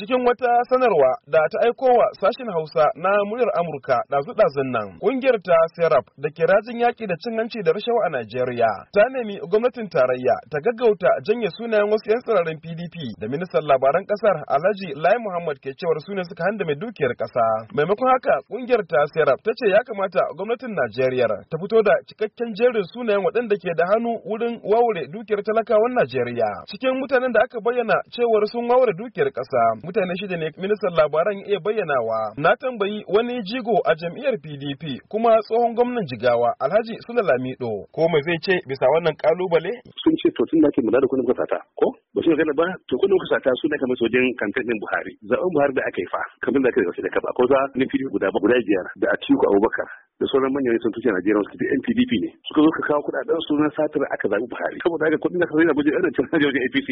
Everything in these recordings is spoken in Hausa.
Cikin wata sanarwa da ta aiko wa sashen Hausa na muryar Amurka ɗazu-ɗazun nan, ƙungiyar ta Serap da ke rajin yaƙi da cin hanci da rashawa a Najeriya ta nemi gwamnatin tarayya ta gaggauta janye sunayen wasu 'yan tsirarin PDP da ministan labaran ƙasar Alhaji Lai Muhammad ke cewar su suka handa handame dukiyar ƙasa. Maimakon haka, ƙungiyar ta Serap ta ce ya kamata gwamnatin Najeriya ta fito da cikakken jerin sunayen waɗanda ke da hannu wurin waure dukiyar talakawan Najeriya. Cikin mutanen da aka bayyana cewar sun waure dukiyar ƙasa, mutane shida ne ministan labaran iya bayyanawa na tambayi wani jigo a jam'iyyar pdp kuma tsohon gwamnan jigawa alhaji sula lamido ko mai zai ce bisa wannan kalubale sun ce to tun da ake mula da ko ba su magana ba to kudin kasata su ne kamar sojin kantin din buhari zaɓen buhari da aka yi fa kamar da aka yi wasu da kaba ko za ni fi guda biyar da a atiku abubakar da sauran manyan santoci a Najeriya suka ce NPDP ne suka zo ka kawo kudaden su na satar aka zaɓi Buhari saboda haka kudin da ka zai buje irin cin hajji wajen APC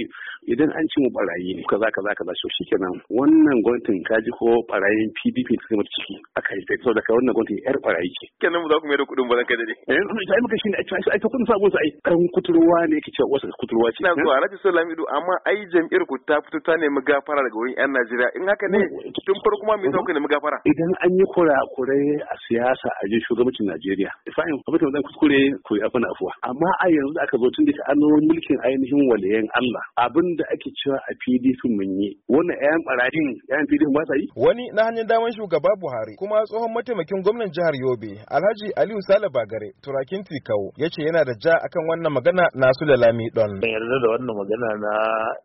idan an ci mu barayi ne kaza kaza kaza shi shikenan wannan gwamnatin ka ji ko barayin PDP ta zama ciki aka yi ta saboda ka wannan gwamnatin yar barayi ce kenan mu za ku mai da kuɗin ba zan kai dade eh sai muka shine ci ai ta kudin sabon sai kan kuturwa ne yake cewa wasu kuturwa ce na zuwa Alhaji Sulaiman amma ai jam'iyyar ku ta fito ta nemi gafara daga wurin yan Najeriya in haka ne tun farko ma me za nemi gafara idan an yi kura kurai a siyasa a wajen shugabancin Najeriya. Fa'in gwamnatin wajen kuskure ko ya afuwa. Amma a yanzu aka zo tun da ta'annomin mulkin ainihin waliyan Allah abin da ake cewa a PDP mun yi. Wannan 'yan barayin 'yan PDP ba sa yi. Wani na hanyar damar shugaba Buhari kuma tsohon mataimakin gwamnan jihar Yobe Alhaji Aliyu Sale Bagare Turakin Tikau ya ce yana da ja akan wannan magana na su lami Don. Ban yarda da wannan magana na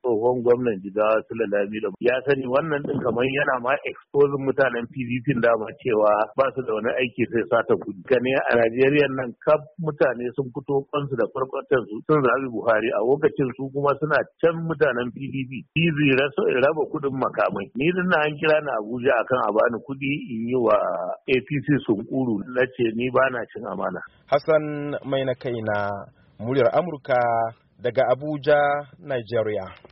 tsohon gwamnan Jigawa lami Don. Ya sani wannan din kamar yana ma exposing mutanen PDP dama cewa ba su da wani aiki sai sa za ta gane a Najeriya nan kaf mutane sun fito kansu da farkon su sun zabi Buhari a lokacin su kuma suna can mutanen PDP in raba kudin makamai ni na an kira na Abuja akan a bani kudi in yi wa APC sunkuru na ce ni ba na cin amana Hassan mai na kaina muryar Amurka daga Abuja Nigeria